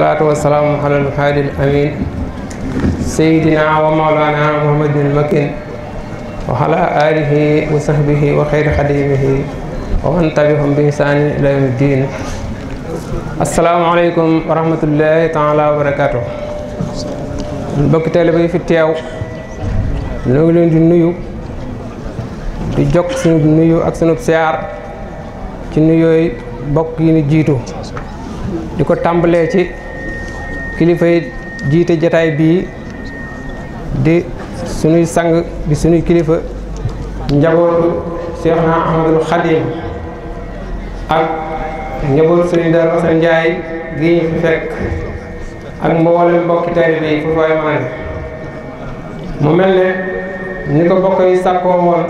salaatu wasalaamu ala alhaadi alamin sayidina wa maulana muhammadin makin wa ala wa sahbihi wa xayri xadimihi wa man tabihum bi ihsani ila yawmi ddin asalaamu aleykum wa rahmatullahi taala wa barakatuh mbokki yi fi teew ñoo ngi leen di nuyu di jokk sunu nuyu ak sunu siyaar ci nuyooy bokk yi ñu jiitu di ko tàmbalee ci kilifa yi jiite jataay bii di sunuy sang di sunuy kilifa njabootu Cheikh na Ahmadul Khadim ak njabootu sunuy dara Asan Njaay gi ñu fi fekk ak mboolem mbokki taalibe yi fu fay mën mu mel ne ni ko bokk yi sàkkoo woon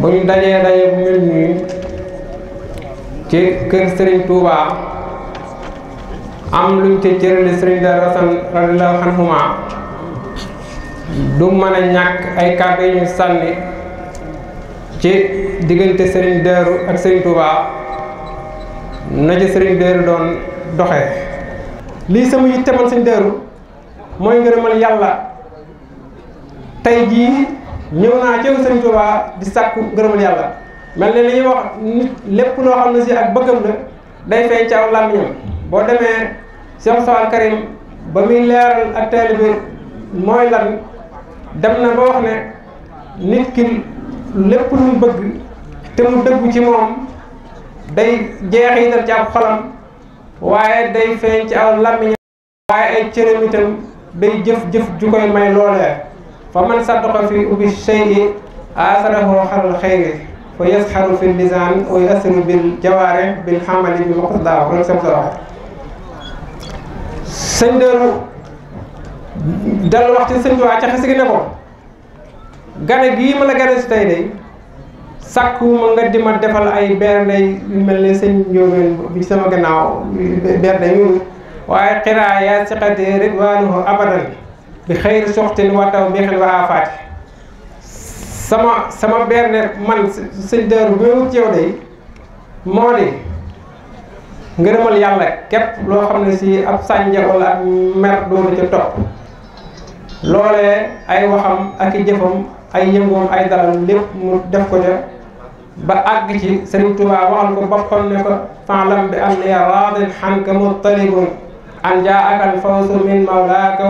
bu ñu dajee daje bu mel nii ci kër Serigne Touba am luñ te jërale sëriñ Daaru Asan radiyallaahu anhuma du mën a ñàkk ay kàddu yu ñu sànni ci diggante sëriñ Daaru ak sëriñ Touba na ci sëriñ Daaru doon doxee lii sama yitte man sëriñ Daaru mooy ngërëmal yàlla tey jii ñëw naa ceew sëriñ Touba di sàkku ngërëmal yàlla mel ne li ñuy wax nit lépp loo xam ne si ak bëggam la day feeñ ci aw làmmiñam boo demee Cheikh Sall Karim ba muy leeral ak taalibe mooy lan dem na ba wax ne nit ki lépp lu mu bëgg te mu dëggu ci moom day jeexital ci ab xolam waaye day feeñ ci aw làmmiñ waaye ay cëram itam day jëf-jëf ju koy may loolee fa man saddaqa fi ubi shay'i asarahu xalal xayri fa yasxaru fi lisaan wa yasiru bil jawaare bil xamali bi ma ko daa wax loolu sam sëñ Dóoru dal wax ci sëñ Tuubaa ca xes gi ne ko gane gii ma la gane si tey de sàkkuma nga di ma defal ay bernde mel ni sëñ Njóobeen bi sama gannaaw bernde yooyu waaye xiraa yaa siqatee ridwaanuhu abadan bi xëyri soxtin wataw bi xel waa sama sama bernde man sëñ Dóoru bu ma wut yow de moo di ngërëmal yàlla képp loo xam ne si ab sànja wala ak mer doomu ca topp loolee ay waxam ak jëfam ay yëngoom ay dalam lépp mu def ko ca ba àgg ci Sëriñ Tuubaa waxal ko boppam ne ko faalam bi am ne raadin xanka muttalibun an jaa akal fawsu min mawlaaka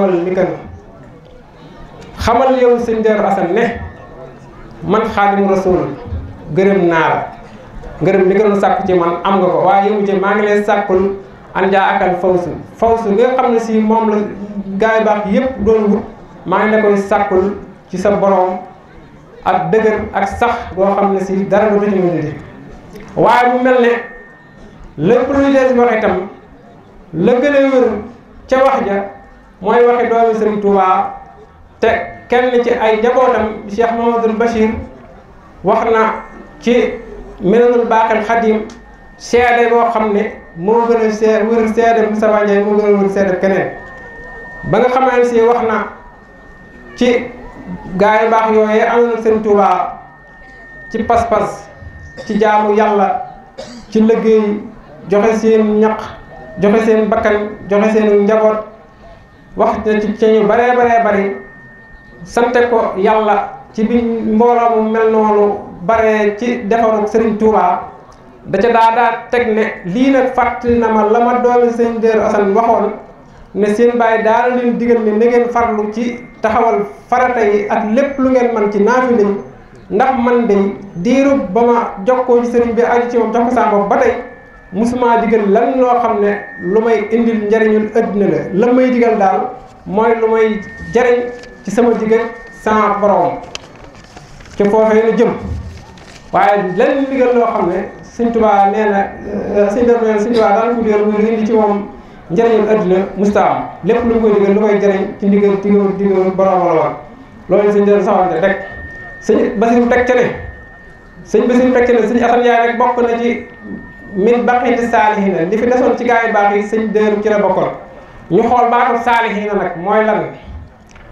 xamal yow sëñ Daaru Asan ne man Xaadimu Rasuul gërëm naa la ngërëm li nga doon sàkk ci man am nga ko waaye yëmu ci maa ngi lay sàkkul anja akal fawsu fawsu nga xam ne si moom la gaay baax yëpp doon wut maa ngi la koy sàkkul ci sa borom ak dëgër ak sax boo xam ne si dara du ci mujj waaye bu mel ne lépp lu des wax itam la gën a wér ca wax ja mooy waxe doomi Sëriñ Tuubaa te kenn ci ay njabootam Cheikh Mamadou Bachir wax na ci melenul baaxel xadim seede boo xam ne moo gën a see wër seede Moustapha Ndiaye moo gën a wër seede keneen ba nga xamante si wax na ci gaa yu baax yooyee amoon na seen Tuubaa ci pas-pas ci jaamu yàlla ci liggéey joxe seen ñaq joxe seen bakkan joxe seen njaboot wax na ci ceeñu baree baree bari sante ko yàlla ci bi mbooloo mu mel noonu bare ci defaru sëriñ Touba da ca daa teg ne lii nag fàttali na ma la ma doomi sëñ Daaru Asan waxoon ne seen bàyyi daana leen digal ne na ngeen farlu ci taxawal farata yi ak lépp lu ngeen man ci naafila yi ndax man de diiru ba ma jokkoo ci sëriñ bi aju ci moom jox ko saa ba tey musuma digal lan loo xam ne lu may indil njariñul àddina la la may digal daal mooy lu may jariñ ci sama digg sama borom ca foofee nu jëm waaye lenn ndigal loo xam ne sëñ Tuubaa nee na euh, sëñ def nee sëñ Tuubaa daal ko ci moom njëriñul adduna mustaam lépp lu mu koy digal lu koy jëriñ ci ndigal digal digal borom la woon loolu sëñ def saxante rek sëñ Basiru teg ca ne sëñ Basiru teg ca ne sëñ Asan yaay rek bokk na ci min baqiti saalihiina li fi desoon ci gaa yu baax yi sëñ Dëru ci la bokkoon ñu xool baatu saalihiina nag mooy lan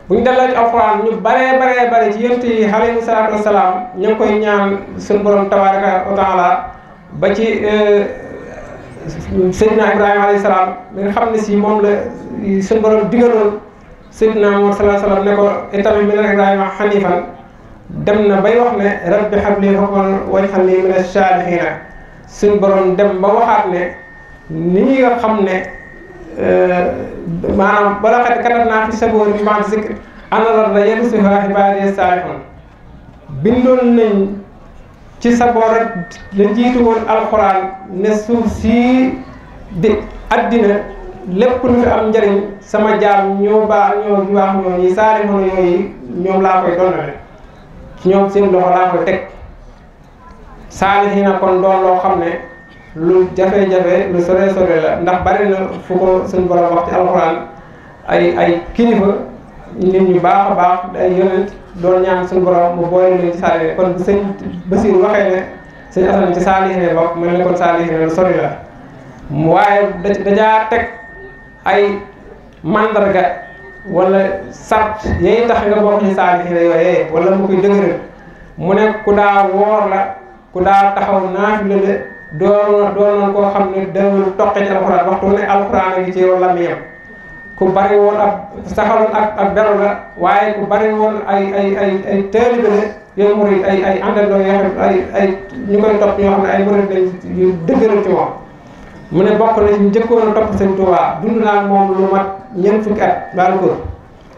bu ñu delloo ci alxuraan ñu baree baree bare ci yonent yi alayhi salaatu wasalaam ngi koy ñaan suñu borom tabaraka wa taala ba ci euh, Seydina Ibrahima alayhi salaam mi nga xam ne si moom la suñu borom digaloon Seydina Muhammad sallallahu alayhi wasallam ne ko itam min Ibrahima xanifan dem na bay wax ne rabbi habli hukman waj'alni mina saalihiina suñu borom dem ba waxaat ne ni nga xam ne. Euh, maanaam ba xat katab ci sa boor bi maam zikr analar da yenn si waa ibaadi saalixoon bindoon nañ ci sa boor la jiitu woon alxuraan ne suuf sii di addina lépp lu am njëriñ sama jaam ñoo baax ñoo gi baax ñoo ñi saalixoon yooyu ñoom laa koy donnale ñoom seen loxo laa koy teg saalixi na kon doon loo xam ne lu jafe-jafe lu sore sore la ndax bari na fu ko suñ borom wax ci alxuraan ay ay kilifa nit ñu baax a baax ay yonent doon ñaan suñ borom mu boole leen ci saalihiin kon bu sëñ Basiir waxee ne sëñ Asan ci saalihiin bokk mel ne kon saalihiin lu sori la waaye dajaa teg ay mandarga wala sart yay tax nga bokk ci saalihiin yooyee wala mu koy dëgëral mu ne ku daa woor la ku daa taxaw naafila la doon doonoon koo xam ne dawul toqe ci alxuraan waxtu ne alxuraan a ngi ci yow lam yam ku bari woon ab saxaloon ak ak beru la waaye ku bari woon ay ay ay ay taalibe la yow ay ay ñoo xam ne ay murid lañ yu dëgëral ci moom mu ne bokk na ñu njëkkoon a topp Sëñ Tuubaa dund naa moom lu mat ñeent fukki at daal ko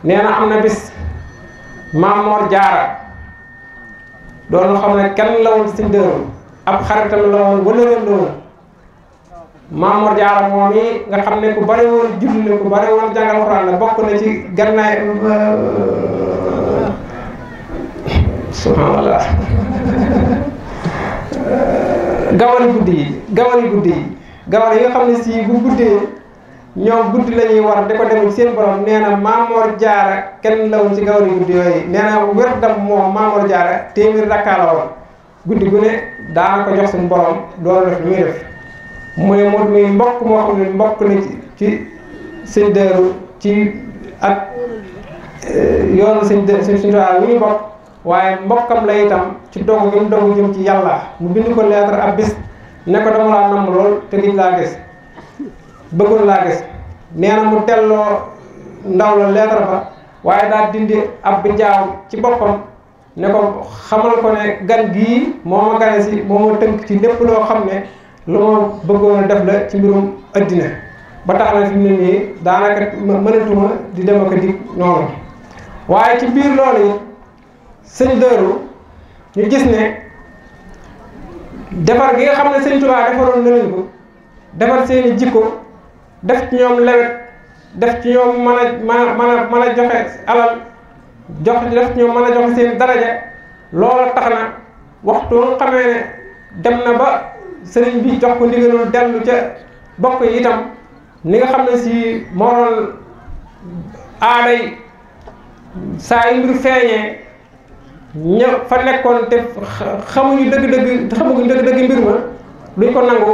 nee na am na bis Maam Moor Jaara doon xam ne kenn lawul si dërum ab xaritam la woon wëlëreem la woon Maam Jaara moom yi nga xam ne ku bari woon jublu ne ku bari woon jàngal bokk na ci gannaay subhanallah gawari guddi yi yi gawar yi nga xam ne si bu guddee ñoom guddi la ñuy war di ko dem seen borom nee na Maamoor Jaara kenn la woon ci gawar guddi yooyu nee na wér dam moom Maamoor Jaara téeméer rakkaa la woon guddi gu daa ko jox suñu borom doon def lu muy def mu ne mu muy mbokk moo xam ne mbokk na ci sëñ Daaru ci ak eh, yoonu sëñ sëñ Tuubaa wi mbokk waaye mbokkam la itam ci dogu gi mu dogu jëm ci yàlla mu bind ko lettre ab bis ne ko dama laa namm lool te giñ laa gis bëggoon laa gis nee mu telloo ndaw la lettre ba waaye daa dindi ab bi jaaw ci boppam ne ko xamal ko ne gan gii moo ma gane si moo ma tënk ci lépp loo xam ne lu ma bëggoon a def la ci mbirum addina ba tax na fi mu ne daanaka mënatuma di dem ak a noonu waaye ci biir loolu yi sëñ dëru ñu gis ne defar gi nga xam ne sëñ Tuubaa defaroon na leen ko defar seeni jikko def ci ñoom lewet def ci ñoom mën a mën a mën a mën a joxe alal jox def ñu mën a jox seen daraja loola tax na waxtu nga xamee ne dem na ba sëriñ bi jox ko ndigalul dellu ca bokk yi itam ni nga xam ne si moo doon aaday saa yu mbir feeñee ña fa nekkoon te xamuñu dëgg-dëgg xamuñu dëgg-dëgg mbir ma luñ ko nangu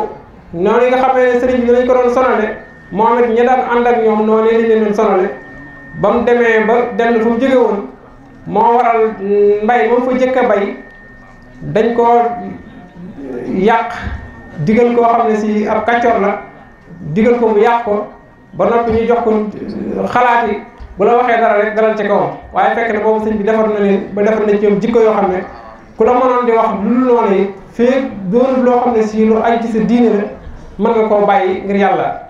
noonu nga xam ne sëriñ bi lañ ko doon sonale moom it ña daan ànd ak ñoom noonu lañ leen doon sonale ba mu demee ba dellu fu mu jóge woon moo waral mbay moom fa jëkk a bay dañ koo yàq digal koo xam ne si ab kàccoor la digal ko mu yàq ko ba noppi ñu jox ko xalaat yi bu la waxee dara rek dalal ci kawam waaye fekk na boobu sëñ bi defar na leen ba defar na ci ñoom jikko yoo xam ne ku la mënoon di wax lu lu loo xam ne si lu aju mën nga koo bàyyi ngir yàlla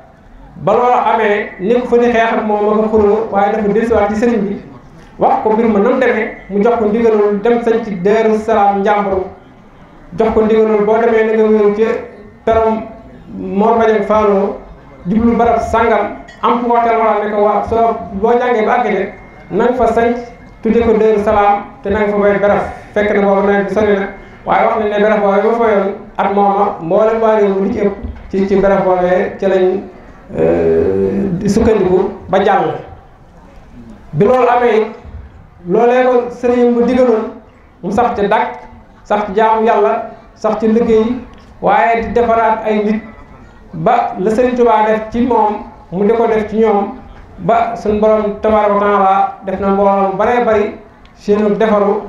ba loo amee nekk fa di xeex ak moom ma nga xuloo waaye dafa dellusiwaat ci sëriñ bi wax ko mbir ma nam demee mu jox ko ndigalul dem sañ ci Daaru Salaam njàmbur jox ko ndigalul boo demee na nga wéeru ci perom am ku ko boo jàngee ba na fa sañ tudde ko Daaru Salaam te na fekk na boobu nawet bi sori na waaye wax ci ëpp ci boobee ci euh, sukkandiku ba jàll bi loolu amee loolee ko sëriñ bu digaloon mu sax ci dàkk sax ci jaamu yàlla sax ci liggéey waaye di defaraat ay nit ba la sëriñ Tuubaa def ci moom mu di ko def ci ñoom ba suñ borom tabaaraka wa taala def na mbooloo mu baree bari seenu defaru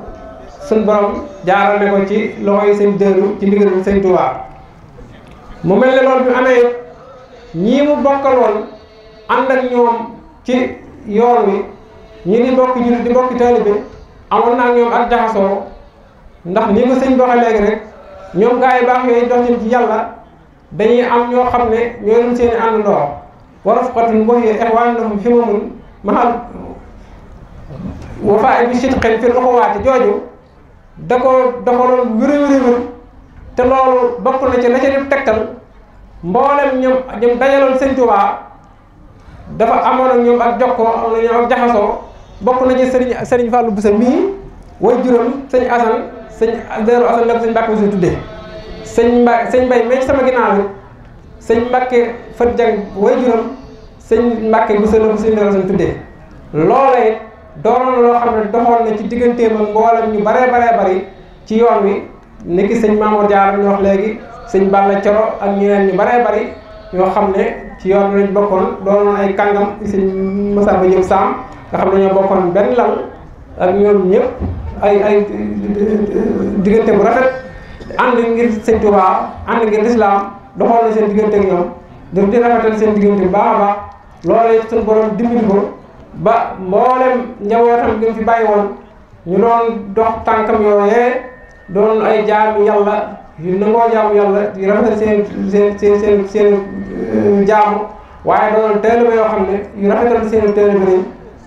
suñ borom jaarale ko ci loxo yi seen dëru ci ndigalul sëriñ Tuubaa mu mel ne loolu bi amee ñii mu bokkaloon ànd ñoom ci yoon wi ñi di mbokk jullit di mbokk taalibe amoon naa ñoom ak jaxasoo ndax ni ma sëñ waxee léegi rek ñoom gaa baax yooyu dox jëm ci yàlla dañuy am ñoo xam ne ñoo doon seen i àndandoo wa rafqatun wa hiya ixwaanuhum himamun mahal wafaa bi sidqin fil uxuwaati jooju da ko doxaloon wér wér te loolu bokk na ci la ca di tegtal mboolem ñoom ñoom dajaloon sëñ Tuubaa dafa amoon ak ñoom ak jokkoo am na ñoom ak jaxasoo bokk na ci sëriñ sëriñ Fallou Boussa mii way juróom sëñ Assane sëñ Darou Assane la ko sëñ Mbacke Boussa tuddee sëñ Mba sëñ Mbaye mais sama ginnaaw bi sëñ Mbacke Fat Jang way juróom sëñ Mbacke Boussa la ko sëñ Darou Assane tuddee loola it doonoon loo xam ne doxoon na ci digganteem ak mboolam ñu baree baree bari ci yoon wi niki sëñ Mamour Diarra ñu wax léegi sëñ Balla Coro ak ñeneen ñu baree bari ñoo xam ne ci yoon wi lañ bokkoon doonoon ay kàngam sëñ Moussa Ba Diop Sam nga xam ne ñoo bokkoon benn lal ak ñoom ñëpp ay ay diggante bu rafet ànd ngir sëñ Tuubaa ànd ngir lislaam doxoon seen diggante ak ñoom daf di seen diggante bu baax a baax loolee suñu borom dimbali ko ba mboolem njabootam gi mu fi bàyyi woon ñu doon dox tànkam yooyee doon ay jaamu yàlla yu nangoo jaamu yàlla yu rafetal seen seen seen seen seen euh, jaamu waaye doon taalibe yoo xam ne yu rafetal seen taalibe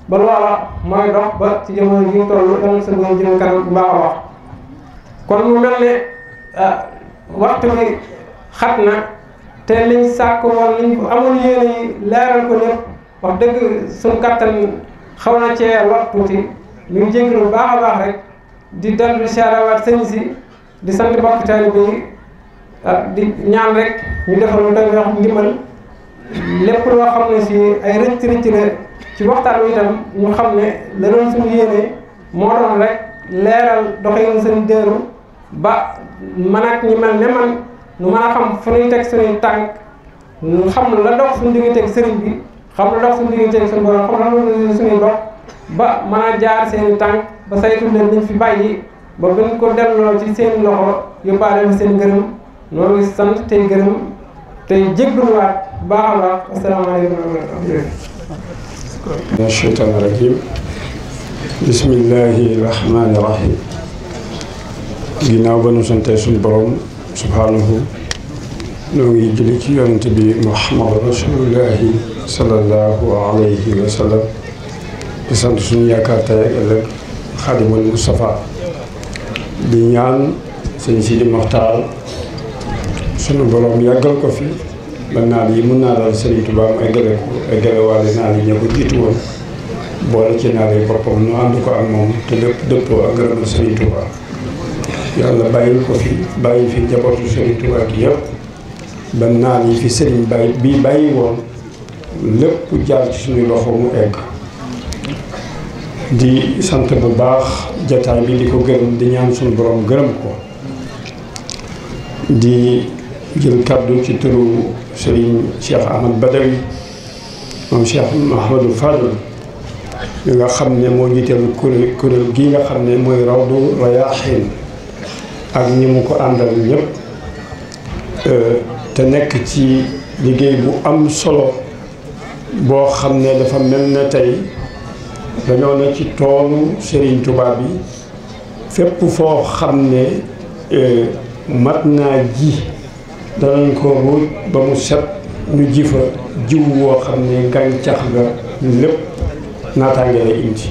ba loola mooy dox ba ci jamono ji ñu toll dana sa gën jëm kanam bu baax kon mu mel ne ah, waxtu bi xat na te liñ sàkk woon liñ amul yéene yi leeral ko lépp wax dëgg suñ kattan xaw na cee wax tuuti ñu ngi jégalu baax a baax rek di dellu siyaarawaat sëñ si di sant bokk taalibe ah, di ñaan rek ñu defal lu doon wax ndimbal lépp loo xam ne si ay rëcc rëcc la ci waxtaan wi tam ñu xam ne la doon suñu yéene moo doon rek leeral doxalin seen dëru ba man ak ñi mel ne man nu mën xam fu ñuy teg suñuy tànk xam la dox suñu digganteeg sëriñ bi xam la dox suñu digganteeg suñu borom xam la dox suñuy dox ba mën a jaar seen tànk ba saytu leen dañ fi bàyyi ba buñ ko delloo ci seen loxo yóbbaale seen ngërëm noonu ngi sant tey gërëm tey jéggaluwaat baax a baax asalaamaaleykum wa rahmatulah من الشيطان الرجيم بسم الله الرحمن الرحيم ginnaaw ba nu santee suñu borom subhaanahu noo ngi julli ci yonent bi Muhammad rasulullahi sallallahu alayhi wa sallam di sant suñu yaakaar tey ak ëllëg xaadimul Mustafa di ñaan sëñ Sidi Moxtaar suñu borom yàggal ko fi ba naal yi mun naa daal Sëriñ Tuubaa ay gële ay gëlewaale yi ñoo ko jiitu woon boole ci naal yi boppam ñu ànd ko ak moom te dëppoo ak ngërëmal Sëriñ Tuubaa yàlla bàyyil ko fi bàyyi fi njabootu Sëriñ Tuubaa gi ba naal yi fi sëriñ bàyyi bii bàyyi woon lépp jaar ci suñu loxo mu egg di sant bu baax jataay bi di ko gërëm di ñaan suñu borom gërëm ko di jël kàddu ci turu Serigne Cheikh Ahmad Badawi moom Cheikh Mahamadou Fadl nga xam ne moo jiiteelu kuréel kuréel gii nga xam ne mooy Rawdu Rayaahiin ak ñi mu ko àndal ñépp euh, te nekk ci liggéey bu am solo boo xam ne dafa mel na tey dañoo na ci toolu Serigne tubaab yi fépp foo xam ne euh, mat naa ji danañ ko ruuj ba mu set ñu ji jiw woo xam ne gàncax ga lépp naataange indi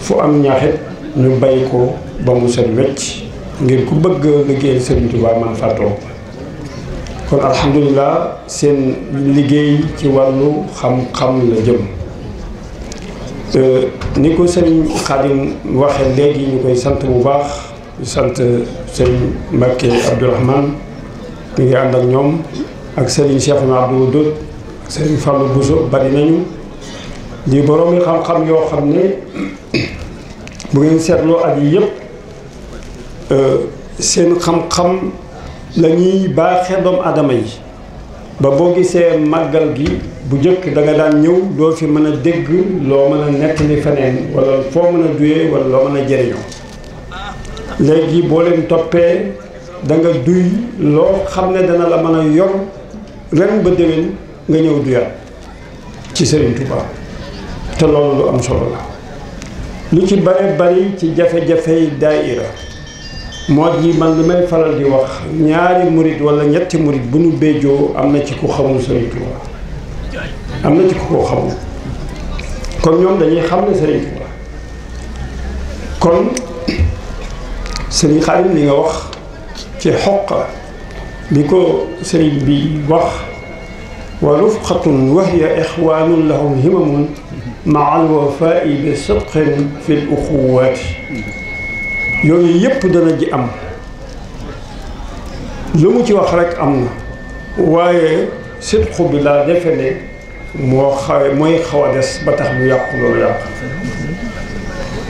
fu am ñaxit ñu bay ko ba mu set wecc ngir ku bëgg liggéey Sëriñ Tuubaa man fàttoo kon alhamdulilah seen liggéey ci wàllu xam-xam la jëm ni ko sëriñ Xaadim waxe léegi ñu koy sant bu baax sant sëriñ Mbàkke Abdourahman mi ngi ànd ak ñoom ak Serigne Cheikh Abdou Wadoud ak Serigne Fallou Bousso bari nañu di borom yi xam-xam yoo xam ne bu ngeen seetloo at yi yëpp euh, seen xam-xam la baaxee doomu aadama yi ba boo gisee màggal gi bu njëkk danga daan ñëw doo fi mën a dégg loo mën a nekk nettali feneen wala foo mën a duyee wala loo mën a jëriñoo léegi boo leen toppee. da nga duy loo xam ne dana la mën a yor ren ba déwén nga ñëw duyaat ci Serigne Touba te loolu lu am solo la lu ci bare bari ci jafe-jafey daayira moo ji man li may faral di wax ñaari murit wala ñetti murit bu ñu béjjoo am na ci ku xamul Serigne Touba am na ci ku ko xamul kon ñoom dañuy xam ne Serigne Touba kon Serigne Xaadim li nga wax ci xoqa bi ko sëriñ bi wax wa rufqatun wa hiya ixwaanun lahum himamun maa alwafaai bi sidqin fi l uxuwaati yooyu yépp dana ji am lu mu ci wax rekk am na waaye sidqu bi laa defe ne moo xawe mooy xaw a des ba tax bu yàqu loolu yàqu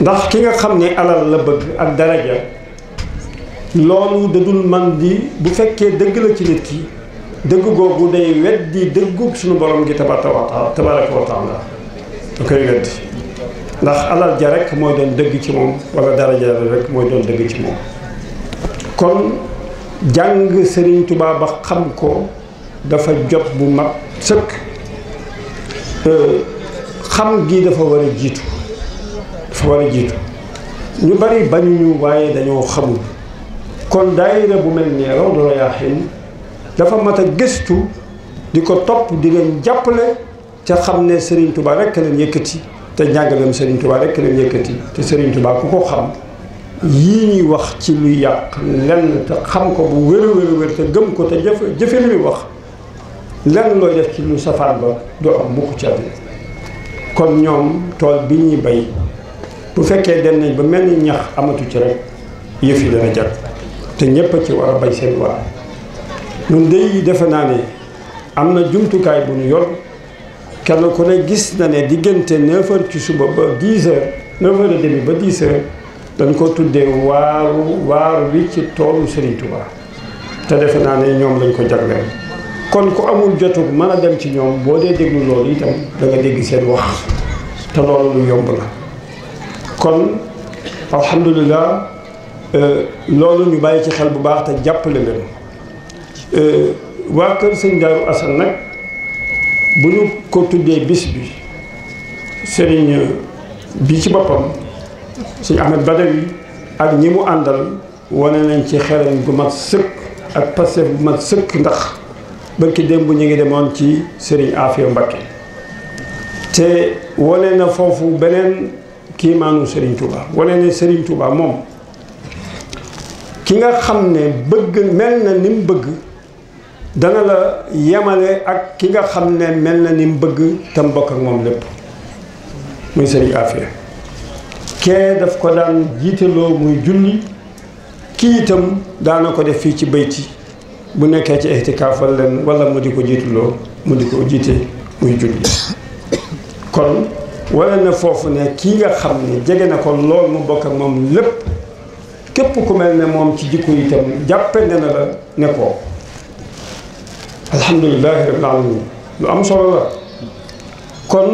ndax ki nga xam ne alal la bëgg ak daraja loolu dadul man di bu fekkee dëgg la ci nit ki dëgg googu day weddi dëggug suñu borom gi tabaraka wa taala tabaraka wa taala da koy weddi ndax alal ja rek mooy doon dëgg ci moom wala daraja rek mooy doon dëgg ci moom kon jàng Sëriñ Tuubaa ba xam ko dafa jot bu mag sëkk euh, xam gi dafa war a jiitu dafa war a jiitu ñu bari bañuñu waaye dañoo xamul kon daayira bu mel ni Rawdu Rayaahiin dafa mat a gëstu di ko topp di leen jàppale ca xam ne Serigne Touba rek leen yëkkati te njàngaleem Serigne Touba rek leen yëkkati te Serigne Touba ku ko xam yi ñuy wax ci lu yàq lenn te xam ko bu wér wér wér te gëm ko te jëf jëfe li muy wax lenn looy def ci lu safaan ba doo am mukk ci àddina kon ñoom tool bi ñuy bay bu fekkee dem nañ ba mel ni ñax amatu ci rekk yëf yi dana jag te ñépp a ci war a bay seen waar ñun day defe naa ne am na jumtukaay bu ñu yor kenn ku ne gis na ne diggante 9 ci suba ba 10 heures 9 heures ba 10 heures dañ ko tuddee waaru waar wi ci toolu Serigne Touba te defe naa ne ñoom lañ ko jagleel kon ku amul jotu mën a dem ci ñoom boo dee déglu loolu itam da dégg seen wax te loolu lu yomb la kon alhamdulilah Euh, loolu ñu bàyyi ci xel bu baax te jàppale leen euh, waa kër sëñ Daaru Asan nag bu ñu ko tuddee bis bi sëriñ euh, bi ci boppam sëñ Ahmed Badawi ak ñi mu àndal wane nañ ci xereñ gu mat sëkk ak pasef bu mat sëkk ndax bërki bu ñu ngi demoon ci sëriñ Afio Mbakke te wane na foofu beneen kiimaanu sëriñ Touba wane na sëriñ Touba moom ki nga xam ne bëgg mel na ni mu bëgg dana la yemale ak ki nga xam ne mel na ni mu bëgg te mu bokk ak moom lépp muy sëriñ Afia kee daf ko daan jiitaloo muy julli kii itam daana ko def fii ci bayti bu nekkee ci ixtikaafal leen wala mu di ko jiitaloo mu di ko jiite muy julli kon wala na foofu ne kii nga xam ne jege na ko lool mu bokk ak moom lépp képp ku mel ne moom ci jikko yi itam jàppende na la ne ko alhamdulilahi rabbil lu am solo la kon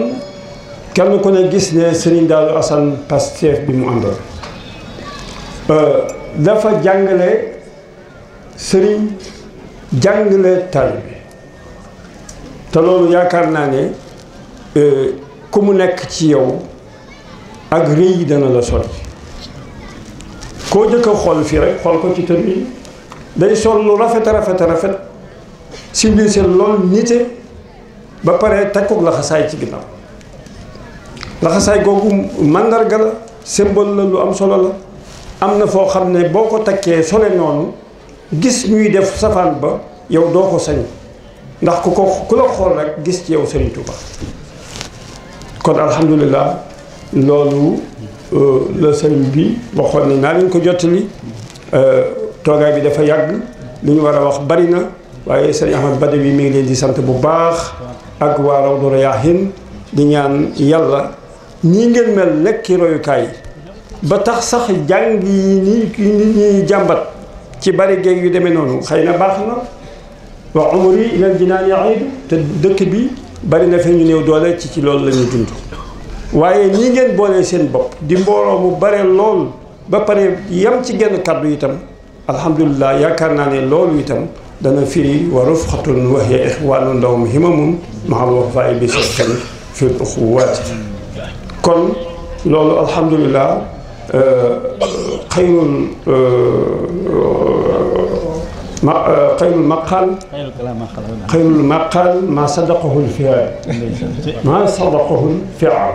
kenn ku ne gis ne Serigne Darou Assane Pastef bi mu àndal euh, dafa jàngale sëriñ jàngale taalibe te loolu yaakaar naa ne euh, ku mu nekk ci yow ak yi dana la sori koo jëkk a xool fii rek xool ko ci kër yi day sol lu rafet rafet rafet civilisé lool nite ba pare takkook laxasaay ci ginnaaw laxasaay googu màndarga la symbole la lu am solo la am na foo xam ne boo ko takkee sole noonu gis ñuy def safaan ba yow doo ko sañ ndax ku ko ku la xool rek gis ci yow Sëriñ Tuuba kon alhamdulilah loolu Euh, la sëriñ bi waxoon ne naa leen ko jottali euh, toogaay bi dafa yàgg li ñu war a wax bari na waaye sëriñ Ahmad Badawi mi ngi leen di sant bu baax ak waa Rawdu Rayaahin di ñaan yàlla ñii ngeen mel nekki royukaay ba tax sax jàng yi ni nit ñuy jàmbat ci bari géej yu demee noonu xëy na baax na wa umri ilal jinaan yaidu te dëkk bi bari na fi ñu néew doole ci ci loolu la ñuy dund waaye ñi ngeen boolee seen bopp di mbooloo mu bare lool ba pare yam ci genn kàddu itam alhamdulilah yaakaar naa ne loolu itam dana firi wa rufxatun wa hiya ixwaanu ndawum himamun mahal wafaay bi seen fi uxuwaat kon loolu alhamdulilah euh, xayrul euh, ma euh, xayrul maqaal xayrul maqaal ma sadaqahul fiaal ma sadaqahul fiaal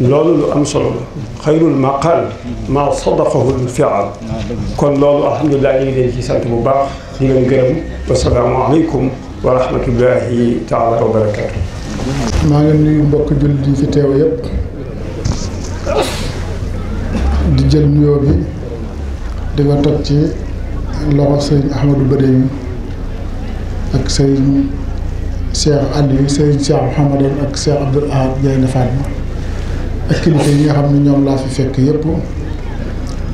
loolu lu am solo la xayrul maqaal ma sadaqahul fiaal kon loolu alhamdulilah ñu ngi leen ci sant bu baax di leen gërëm wasalaamualeykum wa rahmatullahi taala wa barakaatu maa ngi nuyu mbokk jullit yi fi teew yëpp di jël nuyoo bi di nga toj ci loxo sëriñ Ahmadou Badami ak sëriñ Cheikh Aliou sëriñ Cheikh Mouhamadou ak Cheikh Abdoul Ahad Gaynde Fatma ak kilifa yi nga xam ne ñoom laa fi fekk yëpp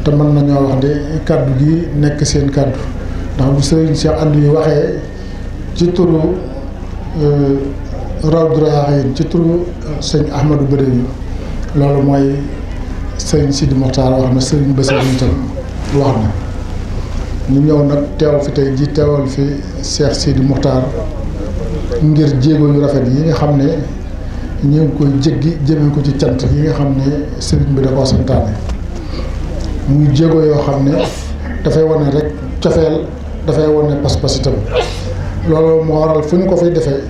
te mën nañoo wax de kaddu gi nekk seen kaddu ndax bu sëriñ Cheikh Aliou waxee ci turu euh, Rawdu loolu mooy sëriñ Sidi Mokhtar wax na sëriñ Bassirou tam wax na. ñu ñëw nag teew fi tey ji teewal fi Cheikh Sidi Moukhtar ngir jéego yu rafet yi nga xam ne ñu ngi koy jéggi jëmee ko ci cant yi nga xam ne sëriñ bi da koo santaane muy jéego yoo xam ne dafay wane rek cofeel dafay wane pas-pas itam loolu moo waral fu ko fay defee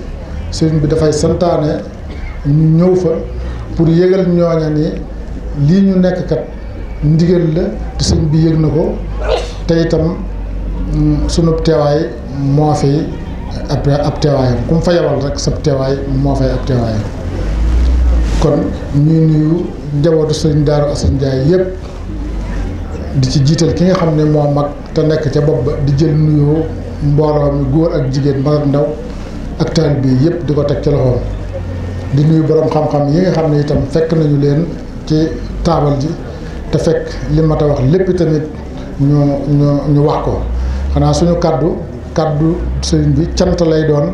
sëriñ bi dafay santaane ñu ñëw fa pour yëgal ñooña ni lii ñu nekk kat ndigal la te sëñ bi yëg na ko te itam sunu teewaay moo fi ab ab teewaayam ku mu fa yabal rek sab teewaay moo fay ab teewaayam kon ñuy nuyu njabootu sëriñ Daaru Asan Njaay yëpp di ci jiital ki nga xam ne moo mag te nekk ca bopp ba di jël nuyoo mbooloo mi góor ak jigéen mag ndaw ak taalibe bi yëpp di ko teg ci loxoom di nuyu boroom xam-xam yi nga xam ne itam fekk nañu leen ci taabal ji te fekk li ma ta wax lépp tamit ñu ñu ñu wax ko xanaa suñu kaddu kaddu sëriñ bi cant lay doon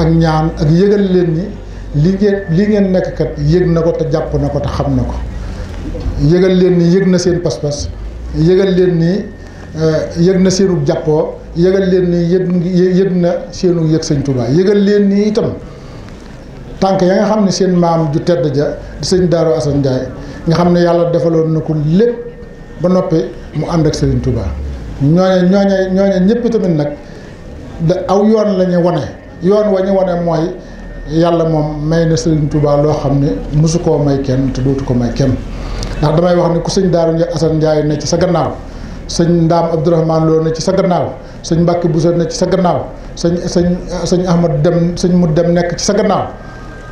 ak ñaan ak yëgal leen ni li ngeen li ngeen nekk kat yëg na ko te jàpp na ko te xam na ko yëgal leen ni yëg na seen pas-pas yëgal leen ni eh, yëg na seenu jàppoo yëgal leen ni yëg yëg na seenu yëg sëñ Tuubaa yëgal leen ni itam tànk ya nga xam ne seen maam ju tedd ja di sëñ Daaru Asan Njaay nga xam ne yàlla defaloon na ko lépp ba noppi mu ànd ak sëriñ Tuubaa ñooñe ñooñe ñooñe ñëpp tamit nag da aw yoon la ñu wane yoon wa ñu wane mooy yàlla moom may na Serigne Touba loo xam ne mosu koo may kenn te dootu ko may kenn ndax damay wax ne ku sëñ Daaru Assane Ndiaye ne ci sa gannaaw sëñ Ndaam Abdourahmane Lo ne ci sa gannaaw sëñ Mbacke Bousso ne ci sa gannaaw sëñ sëñ sëñ Ahmad dem sëñ mu dem nekk ci sa gannaaw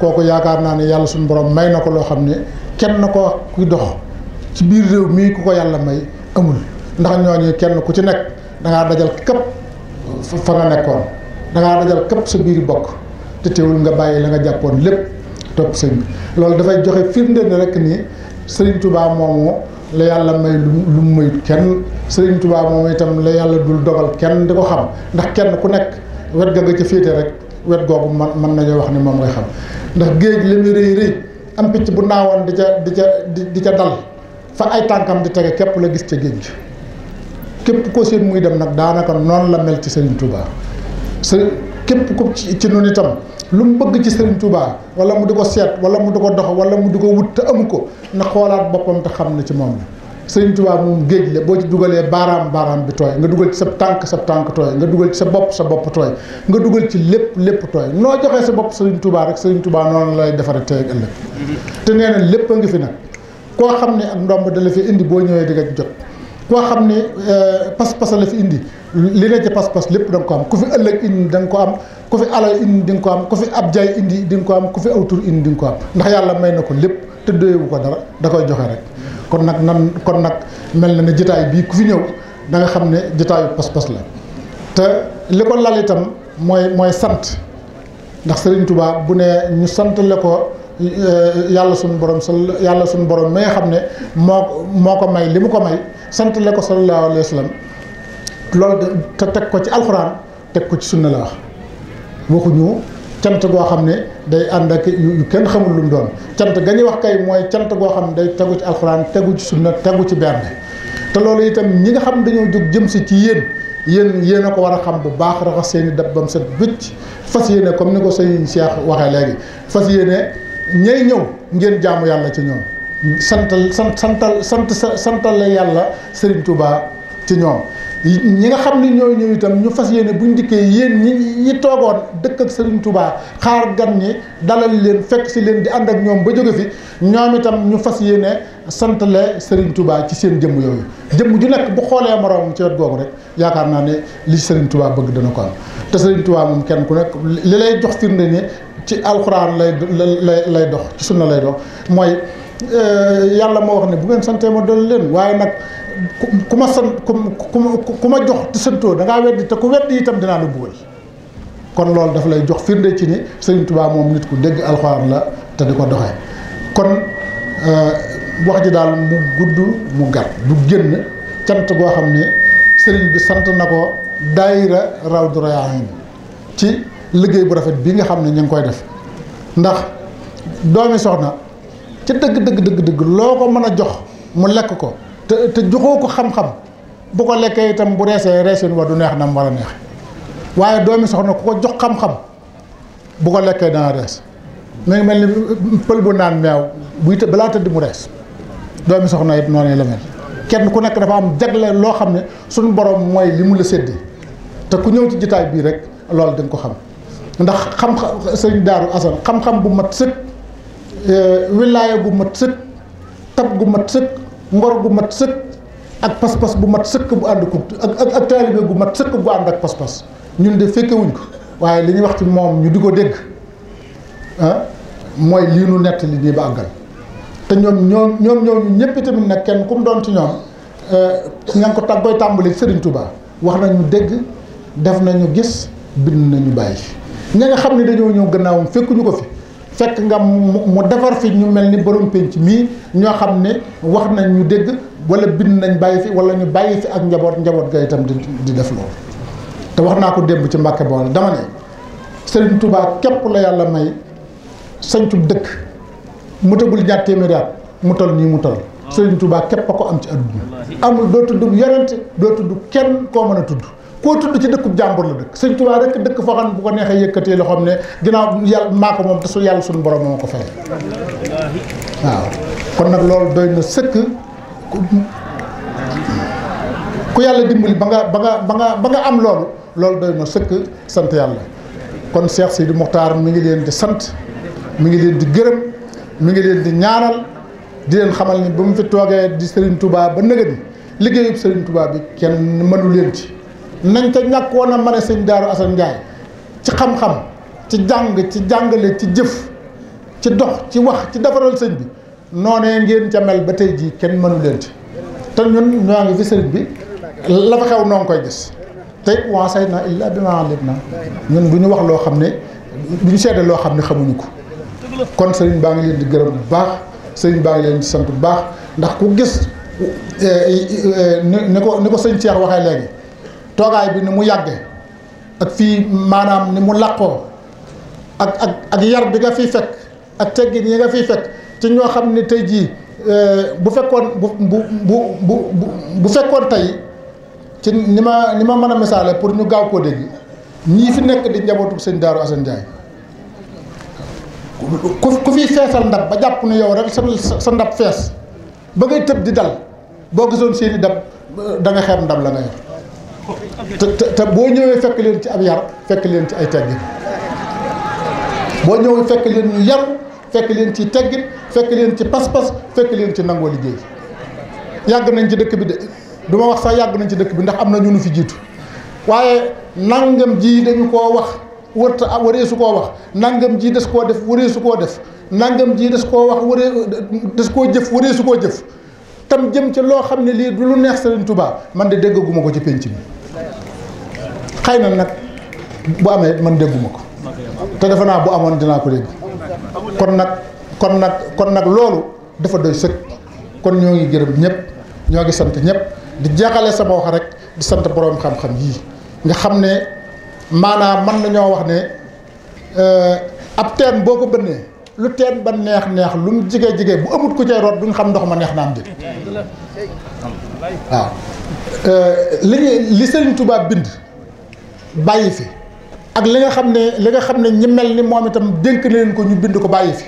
kooku yaakaar naa ne yàlla suñu borom may na ko loo xam ne kenn na ko kuy dox ci biir réew mii ku ko yàlla may amul ndax ñooñu kenn ku ci nekk da dajal këpp fa nga nekkoon da ngaa dajal këpp sa biir bokk te teewul nga bàyyi la nga jàppoon lépp topp sëñ bi loolu dafay joxe firnde ne rek ni Sëriñ tubaab moomu la yàlla may lu lu mu mayut kenn Sëriñ tubaab moomu itam la yàlla dul dogal kenn di ko xam ndax kenn ku nekk wet ga nga ca féete rek wet googu man mën nañoo wax ni moom ngay xam ndax géej li muy rëy rëy am picc bu naawoon di ca di ca di ca dal fa ay tànkam di tege képp la gis ca géej képp koo seen muy dem nag daanaka noonu la mel ci Serigne Touba sëriñ képp ko ci noonu itam lu mu bëgg ci Serigne Touba wala mu di ko seet wala mu di ko dox wala mu di ko wut te amu ko na xoolaat boppam te xam na ci moom la. Serigne Touba moom géej la boo ci dugalee baaraam baaraam bi tooy nga dugal ci sa tànk sa tànk tooy nga dugal ci sa bopp sa bopp tooy nga dugal ci lépp lépp tooy noo joxee sa bopp Serigne Touba rek Serigne Touba noonu lay defaree tey ak ëllëg mm-hmm. te nee lépp a ngi fi nag koo xam ne ak ndomb dala fi indi boo ñëwee di jot. koo xam ne euh, pas-pas la fi indi li ne ci pas-pas lépp da ko am ku fi ëllëg indi danga ko am ku fi alal indi di ko am ku fi ab indi di ko am ku fi aw di nga ko am ndax yàlla may na ko lépp te doyewu ko dara da koy joxe rek kon nag nan kon nag mel na ne jotaay bii ku fi ñëw da nga xam ne jotaayu pas-pas la te li lal itam mooy mooy sant ndax Sëriñ Tuubaa bu ne ñu sant la Euh, yàlla sunu borom sa yàlla sunu borom mi nga xam ne moo ko moo ko may li mu ko may sant la ko sallallahu alayhi wa sallam loolu te teg ko ci alxuraan teg ko ci sunna la wax waxuñu cant goo xam ne day ànd ak kenn xamul lu doon cant ga wax kay mooy cant goo xam ne day tegu ci alxuraan tegu ci sunna tegu ci benn te loolu itam ñi nga xam dañoo jóg jëm si ci yéen yéen yéen a ko war a xam bu baax raxas seeni i dab set bëcc fas yéene comme ni ko sëñ Cheikh waxee léegi fas yéene ñay ñëw ngeen jaamu yàlla ci ñoom santal sant santal sant santal la yàlla Serigne Touba ci ñoom ñi nga xam ni ñooy ñëw itam ñu fas bu buñ ndikkee yéen ñi ñi toogoon dëkk ak Serigne Touba xaar gan ñi dalal leen fekk si leen di ànd ak ñoom ba jóge fi ñoom itam ñu fas yéene le Serigne Touba ci seen jëmm yooyu jëmm ju nekk bu xoolee moroom ci wet googu rek yaakaar naa ne li Serigne tubaa bëgg dana ko am te Serigne Touba moom kenn ku nekk li lay jox firnde ne ci alxuraan lay lay lay dox ci sunna lay dox mooy euh, yàlla moo wax ne bu ngeen santee ma dool leen waaye nag ku ma sant ku ma jox ci santoo da ngaa weddi te ku weddi itam dinaa la bugal kon loolu dafa lay jox firnde ci ni Sëriñ Tuubaa moom nit ku dégg alxuraan la te di ko doxee kon euh, wax ji daal mu gudd mu gàtt du génn cant goo xam ne sëriñ bi sant na ko daayira Rawdu Rayaahiin ci liggéey bu rafet bii nga xam ne ñu ngi koy def ndax doomi soxna ci dëgg dëgg dëgg dëgg loo ko mën a jox mu lekk ko te te joxoo ko xam-xam bu ko lekkee itam bu reesee reesin wa neex na mu war waaye doomi soxna ku ko jox xam bu ko lekkee dana rees mu mel ni pël bu naan meew buy të balaa tëdd mu rees doomi soxna it noonu la mel kenn ku nekk dafa am jagle loo xam ne suñu borom mooy li mu la séddee te ku ñëw ci jitaay bii rek loolu da ko xam ndax xam-xam sëñ Daaru Asan xam-xam bu mat sëkk euh, wilaaya bu mat sëkk tab gu mat sëkk ngor gu mat sëkk ak pas-pas bu mat sëkk bu ànd ko ak ak mat sëkk bu pas-pas ñun de fekkewuñ ko waaye li ñuy wax ci moom ñu di ko dégg ah, mooy lii nu nett li nii ba te ñoom ñoom ñoom ñooñu ñëpp tamit nag kenn ku mu doon ci ñoom euh, nga ko tàggooy tàmbali Serigne Touba wax ñu dégg def nañu gis bind na ñu bàyyi. ña nga xam ne dañoo ñëw gannaawam fekkuñu ko fi fekk nga mu defar fi ñu mel ni borom penc mii ñoo xam ne wax nañ ñu dégg wala bind nañ bàyyi fi wala ñu bàyyi fi ak njaboot njaboot ga itam di di def loolu. te wax naa ko démb ci Mbàkke Bawol dama ne Serigne Touba képp la yàlla may sancub dëkk mu tëggul ñaar téeméeri mu toll nii mu toll. Serigne Touba képp a ko am ci àdduna amul doo tudd yonent doo tudd kenn koo mën a tudd. koo tudd ci dëkkub jàmbur la dëkk sëñ Tuubaa rek dëkk foo xam bu ko neexee yëkkatee loxoom ne ginnaaw yàlla maa ko moom te su yàlla suñu borom moo ko fay waaw kon nag loolu doy na sëkk ku yàlla dimbali ba nga ba nga ba nga ba nga am loolu loolu doy na sëkk sant yàlla kon Cheikh Sidi Mokhtar mu ngi leen di sant mu ngi leen di gërëm mu ngi leen di ñaanal di leen xamal ni ba mu fi toogee di Serigne Touba ba nëgëni liggéeyub Serigne Touba bi kenn mënu leen ci. nañ ko ñàkkoon a mane sëñ Daaru Assane Ndiaye ci xam-xam ci jàng ci jàngale ci jëf ci dox ci wax ci defaral sëñ bi noonee ngeen ca mel ba tey jii kenn mënu leen ci te ñun ñoo ngi fi sëriñ bi la fa xew noo ngi koy gis te waa say na illa bi ma alim na ñun bu ñu wax loo xam ne bu ñu seede loo xam ne xamuñu ko kon sëriñ baa ngi leen di gërëm bu baax sëriñ baa ngi leen di sant bu baax ndax ku gis eh, eh, eh, ni ko ni ko sëñ Cheikh waxee léegi toogaay bi ni mu yàggee ak fii maanaam ni mu làqoo ak ak ak yar bi nga fi fekk ak teggin yi nga fiy fekk ci ñoo xam ne tey jii euh, bu fekkoon bu bu bu bu bu fekkoon tey ci ni ma ni ma mën a misaale pour ñu gaaw koo dégg ñii fi nekk di njabootu seen Daaru Assane Ndiaye ku ku fiy feesal ndab ba jàpp ne yow rek sa sa ndab fees ba ngay tëb di dal boo gisoon seeni dab danga nga xeeb ndab la nga te te boo ñëwee fekk leen ci ab yar fekk leen ci ay teggin boo ñëwee fekk leen ñu yar fekk leen ci teggin fekk leen ci pas-pas fekk leen ci nangoo liggéey yàgg nañ ci dëkk bi de du wax sax yàgg nañ ci dëkk bi ndax am na ñu nu fi jiitu waaye nangam ji dañu ko wax wërta a wareesu koo wax nangam ji des koo def su koo def nangam ji des koo wax waree des koo jëf su koo jëf tam jëm ci loo xam ne lii du lu neex Sëriñ tubaab man de dégg ko ci pénc mi xay na nag bu amee man dégguma ko te defe naa bu amoon dinaa ko dégg kon nag kon nag kon nag loolu dafa doy sëkk kon ñoo ngi gërëm ñëpp ñoo ngi sant ñëpp di jeexale sama wax rek di sant borom xam-xam yii nga xam ne maanaam mën nañoo wax ne euh, ab teen boo ko bënnee lu teen ba neex neex lu mu jige jige bu amut ko cay root du nga xam ndox ma neex naa am dé waaw euh, li ñuy li Sëriñ Tuubaa bind bàyyi fi ak li nga xam ne li nga xam ne ñi mel ni moom itam dénk na leen ko ñu bind ko bàyyi fi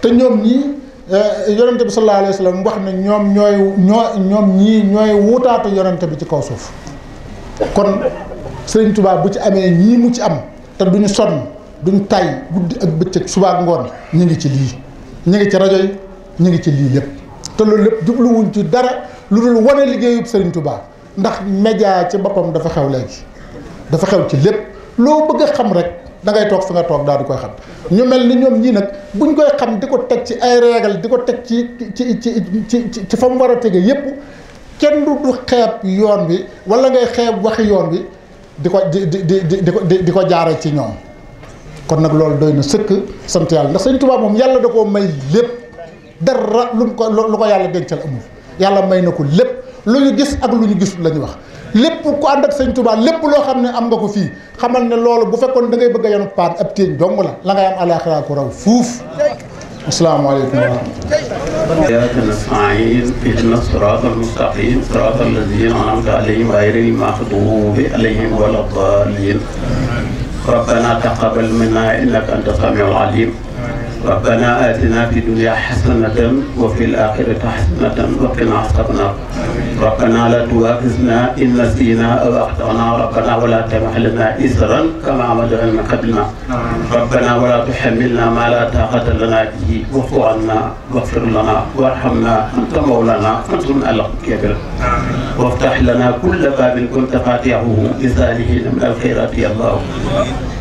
te ñoom ñii eh, yonente bi sallallahu alayhi wa wax ne ñoom ñooy ñoo ñoom ñii ñooy wutaatu yonente bi ci kaw suuf kon Sëriñ tubaab bu ci amee ñii mu ci am te duñu sonn duñ tay guddi ak bëccëg suba ak ngoon ñu ngi ci lii ñu ngi ci rajo yi ñu ngi ci lii lépp te loolu lépp jubluwuñ ci dara lu dul wane liggéeyub Sëriñ tubaab ndax média ci boppam dafa xew léegi dafa xew ci lépp loo bëgg xam rek dangay toog fi nga toog daal di koy xam ñu mel ni ñoom ñii nag bu ñu koy xam di ko teg ci ay reegal di ko teg ci ci ci ci ci fa mu war a tege yépp kenn du du xeeb yoon wi wala ngay xeeb waxi yoon wi di ko di di di di di ko jaare ci ñoom kon nag loolu doy na sëkk sant yàlla ndax sëñ Tuubaa moom yàlla da koo may lépp dara lu ko lu ko yàlla dencal amul yàlla may na ko lépp lu ñu gis ak lu ñu gisul la ñu wax lépp ku ànd ak sëñ Tuubaa lépp loo xam ne am nga ko fii xamal ne loolu bu fekkoon da ngay bëgg a yanu paan ab téeñ dong la la ngay am alaaxira ko raw fuuf asalaamaaleykum wa rahmatulah. iyaaka nasta'iin ihdina siraata al-mustaqiim siraata allaziina an'amta alayhim ghayril maghduubi alayhim wa lad daalliin. ربنا تقبل منا إنك أنت السميع العليم ربنا آتنا في الدنيا حسنة وفي الآخرة حسنة وقنا عذاب النار ربنا لا تؤاخذنا إن نسينا أو أخطأنا ربنا ولا تمح لنا إسرا كما عملنا من قبلنا ربنا ولا تحملنا ما لا طاقة لنا به واعف عنا واغفر لنا وارحمنا أنت مولانا فانصرنا على الكافر وافتح لنا كل باب كنت فاتحه بساله من الخيرات يا الله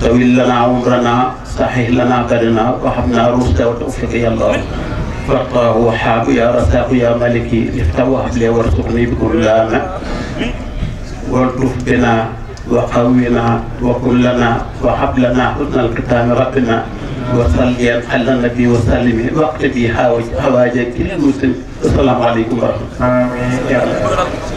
طول لنا عمرنا صحح لنا قرنا وحبنا رشدا وتوفيق يا الله رقاه وحاب يا رزاق يا مالكي افتوه لي وارزقني بكلانا والطف بنا وقونا وكلنا وهب لنا حسن الختام ربنا وصلي على النبي وسلم واقتدي حواجك للمسلم السلام عليكم ورحمه الله